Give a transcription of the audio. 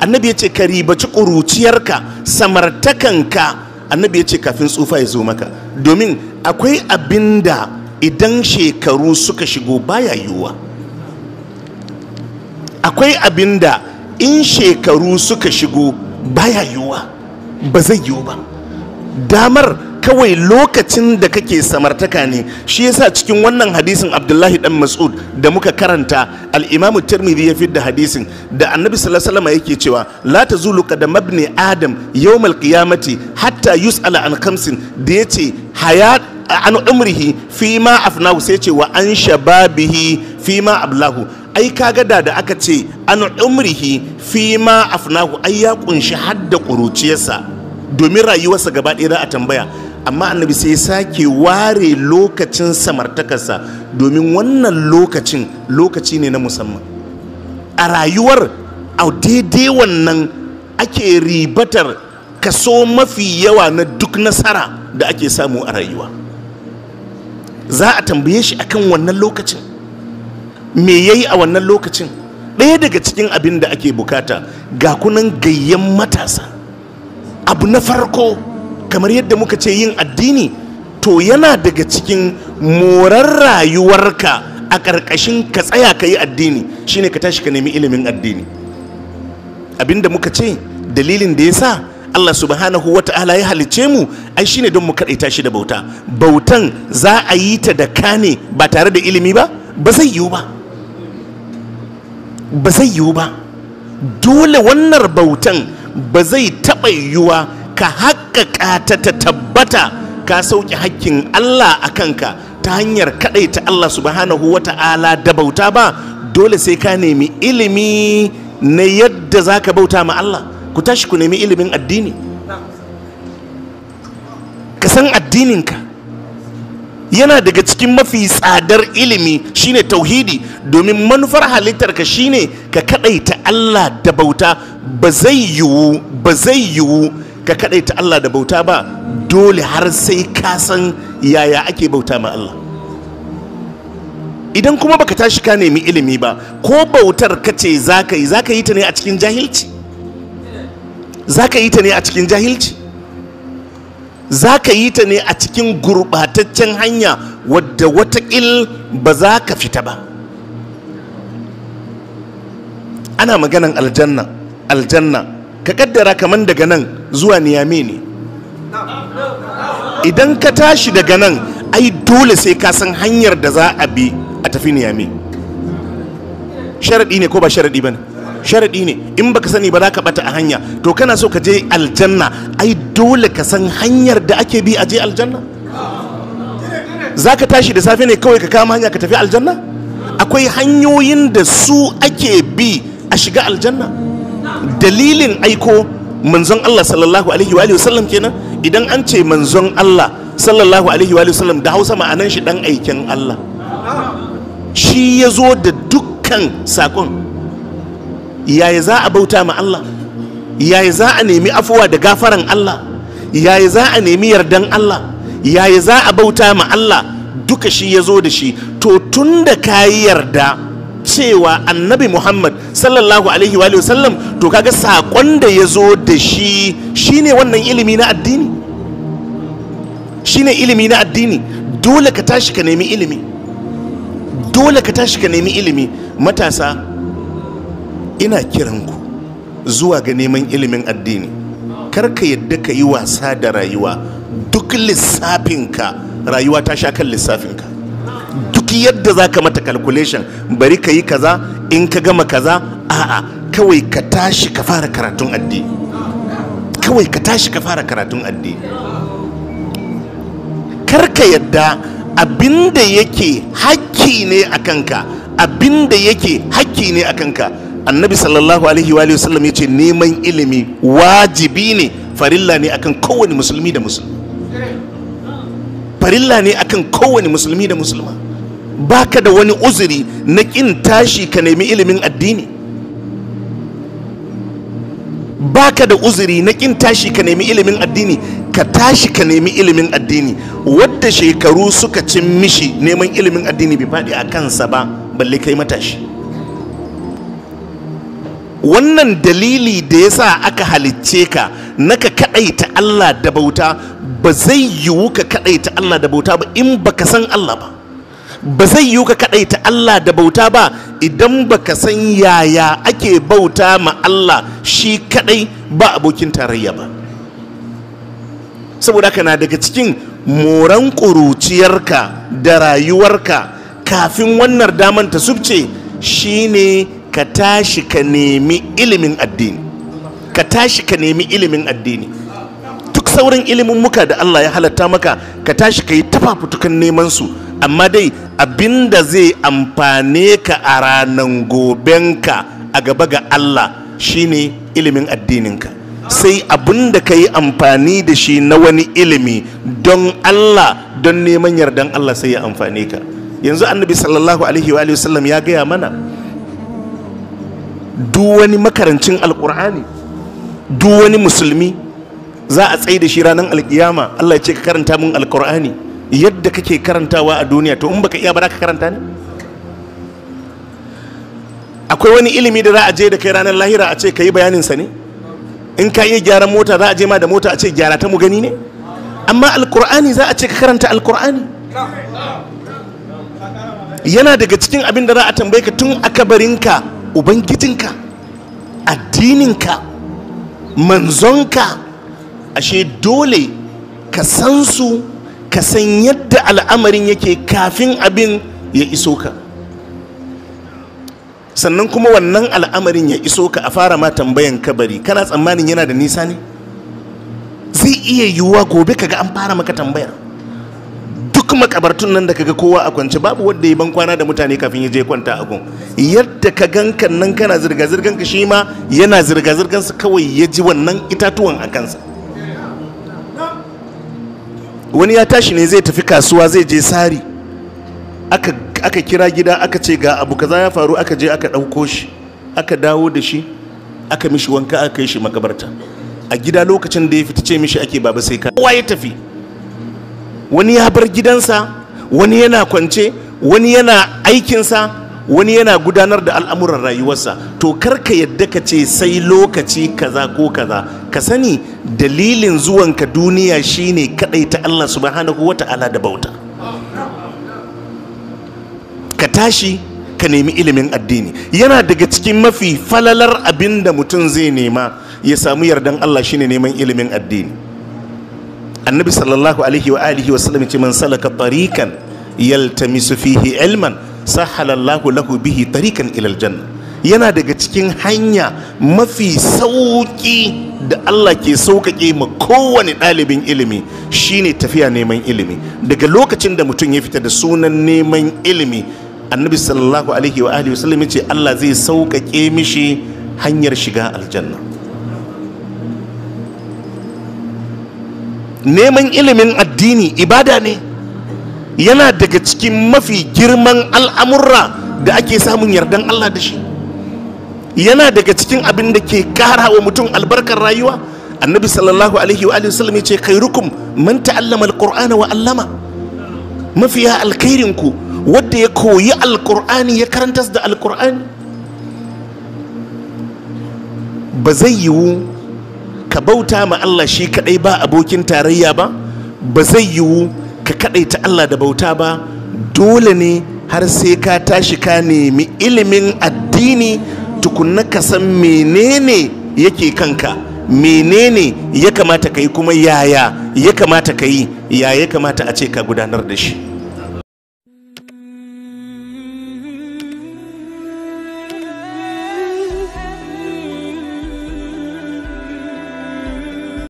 annabi ya ce ka ribaci ƙuruciyarka samartakanka annabi ya ce kafin tsufa ya zo maka domin akwai abin idan shekaru suka shigo baya yiwuwa akwai abin in shekaru suka shigo baya yiwuwa ba zai yiwu ba damar kawai lokacin da kake samartaka ne shi yasa cikin wannan hadisin abdullahi dan mas'ud da muka karanta al tirmidhi ya fi da hadisin da annabi sallallahu alaihi yake cewa la tazulu qadam mabne adam yau qiyamati hatta yus'ala an khamsin da yace hayat an umrihi fi ma afnahu sai ce wa an shababihi fi ma ablahu ai kaga da da aka ce an umrihi fi ma afnahu ai ya kunshi hadda kuruciyarsa domin rayuwarsa gaba ɗaya za a tambaya amma annabi sai ya sake ware lokacin samartakarsa domin wannan lokacin lokaci ne na musamman a rayuwar a daidai wannan ake ribatar kaso mafi yawa na duk nasara da ake samu a rayuwa za a tambaye shi akan wannan lokacin me yayi a wannan lokacin ɗaya daga cikin abin da ake bukata ga kunan gayyan matasa abu na farko kamar yadda muka ce yin addini to yana daga cikin morar rayuwarka a ƙarƙashin ka tsaya ka yi addini shine ka tashi ka nemi ilimin addini abinda muka ce dalilin da ya sa Allah subhanahu wa ta'ala ya halice mu ai shine don mu kaɗaita shi da bauta bautan za a yi ta da kane ba tare da ilimi ba ba zai yiwu ba ba zai yiwu ba dole wannan bautan ba zai taɓa yiwuwa ka haƙa ta ta tabbata ka sauƙi hakkin Allah a kanka ta hanyar kaɗai ta Allah subhanahu wa ta'ala da bauta ba dole sai ka nemi ilimi na yadda za ka bauta ma Allah ku tashi ku nemi ilimin addini ka san addininka yana daga cikin mafi tsadar ilimi shine tauhidi domin manufar halittarka shine ka kaɗai ta Allah da bauta ba zai yiwu ba zai yiwu ka kaɗai ta Allah da bauta ba dole har sai ka san yaya ake bauta ma Allah idan kuma baka tashi ka nemi ilimi ba ko bautar ka ce za ka yi za ka yi ta ne a cikin jahilci za ka yi ta ne a cikin jahilci za ta ne a cikin gurɓataccen hanya wadda watakil ba za ka fita ba ana maganan aljanna aljanna ka kaddara kaman daga nan zuwa niyame ne idan ka tashi daga nan ai dole sai ka san hanyar da za a bi a tafi niyame sharaɗi ne ko ba sharaɗi ba ne sharaɗi ne in baka sani ba za ka bata a hanya to kana so ka je aljanna ai dole ka san hanyar da ake bi a je aljanna za ka tashi da safe ne kawai ka kama hanya ka tafi aljanna akwai hanyoyin da su ake bi a shiga aljanna dalilin aiko manzon Allah sallallahu alaihi wa sallam kenan idan an ce manzon Allah sallallahu alaihi wa sallam da Hausa ma'anan shi dan aikin Allah shi ya zo da dukkan sakon yaya za a bauta ma Allah yaya za a nemi afuwa da gafaran Allah yaya za a nemi yardan Allah yaya za a bauta ma Allah duka shi ya zo da shi to tun da ka yarda cewa annabi muhammad sallallahu alaihi wa sallam to kaga saƙon da ya zo da shi shine wannan ilimi na addini shine ilimi na addini dole ka tashi ka nemi ilimi dole ka tashi ka nemi ilimi matasa ina kiranku zuwa ga neman ilimin addini kar ka yadda ka yi wasa da rayuwa duk lissafinka rayuwa ta sha kan lissafinka duk yadda za ka mata calculation bari ka yi kaza in ka gama kaza a'a kawai ka tashi ka fara karatun addi kawai ka tashi ka fara karatun addi karka yadda abinda yake haƙƙi ne a kanka abinda yake haƙƙi ne a kanka annabi sallallahu alaihi wa sallam ya ce neman ilimi wajibi ne farilla ne akan kowane musulmi da musulmi farilla ne akan kowane musulmi da musulma baka da wani uzuri na ƙin tashi ka nemi ilimin addini baka da uzuri na ƙin tashi ka nemi ilimin addini ka tashi ka nemi ilimin addini wadda shekaru suka cin mishi neman ilimin addini bai faɗi a kansa ba balle kai matashi wannan dalili da ya sa aka halicce ka naka kaɗaita Allah da bauta ba zai yiwu ka kaɗaita Allah da bauta ba in baka san Allah ba Bazai zai yiwu ka kaɗaita Allah da bauta ba idan ba ka san yaya ake bauta ma Allah shi kaɗai ba abokin tarayya ba saboda kana daga cikin moran ƙuruciyarka da rayuwarka kafin wannan damar ta subce shine ka tashi ka nemi ilimin addini ka tashi ka nemi ilimin addini duk saurin ilimin muka da Allah ya halatta maka ka tashi ka yi tafafutukan neman su amma dai abinda zai amfane ka a ranan gobenka a gaba ga Allah shine ilimin addininka sai abin da ka yi amfani da shi na wani ilimi don Allah don neman yardan Allah sai ya amfane ka yanzu annabi sallallahu alaihi wa sallam ya gaya mana duk wani makarancin alkur'ani duk wani musulmi za a tsaye da shi ranar alkiyama Allah ya ce ka karanta mun alkur'ani yadda kake karantawa a duniya to in baka iya ba za ka karanta ne akwai wani ilimi da za a je da kai ranar lahira a ce ka yi bayaninsa ne in ka iya gyaran mota za a je ma da mota a ce gyara ta mu gani ne amma alkur'ani za a ce ka karanta alkur'ani yana daga cikin abin da za a tambaye ka tun a kabarinka ubangijinka addininka manzonka ashe dole ka san su ka san yadda al'amarin yake kafin abin ya iso ka sannan kuma wannan al'amarin ya iso ka a fara ma tambayan kabari kana tsammanin yana da nisa ne zai iya yiwuwa gobe kaga an fara maka tambayar duk makabartun nan da kaga kowa a kwance babu wanda ya ban kwana da mutane kafin ya je kwanta a gun yadda ka gankan nan kana zirga-zirgan ka shi ma yana zirga-zirgan su kawai ya ji wannan itatuwan a kansa wani ya tashi ne zai tafi kasuwa zai je sari aka, kira gida aka ce ga abu kaza ya faru aka je aka ɗauko shi aka dawo da shi aka mishi wanka aka kai shi makabarta a gida lokacin da ya fita ce mishi ake baba sai ka kowa ya tafi wani ya bar gidansa wani yana kwance wani yana aikinsa wani yana gudanar da al'amuran rayuwarsa to karka yadda ka ce sai lokaci kaza ko kaza ka sani dalilin zuwanka duniya shine ta Allah subhanahu ta'ala da bauta ka tashi ka nemi ilimin addini yana daga cikin mafi falalar abinda mutum zai nema ya samu yardan Allah shine neman ilimin addini annabi sallallahu alaihi wa alihi wa sallam ce man salaka tariqan yaltamisu fihi ilman sahala Allahu lahu bihi tariqan ila aljanna yana daga cikin hanya mafi sauƙi da Allah ke sauƙaƙe ma kowane ɗalibin ilimi shine tafiya neman ilimi daga lokacin da mutum ya fita da sunan neman ilimi annabi sallallahu alaihi wa alihi wasallam ya ce Allah zai sauƙaƙe mishi hanyar shiga aljanna neman ilimin addini ibada ne yana daga cikin mafi girman al'amurra da ake samun yardan Allah da shi yana daga cikin abin da ke kara wa mutum albarkar rayuwa annabi sallallahu alaihi wa sallam ce khairukum man ta'allama alqur'ana wa 'allama mafiya alkhairin ku wanda ya koyi alqur'ani ya karanta da alqur'ani ba zai yiwu ka bauta ma Allah shi kadai ba abokin tarayya ba ba zai yiwu ka kadaita Allah da bauta ba dole ne har sai ka tashi ka nemi ilimin addini tukunna ka san menene yake kanka menene ya kamata ka yi kuma yaya ya kamata ka yi yaya ya kamata a ce ka gudanar da shi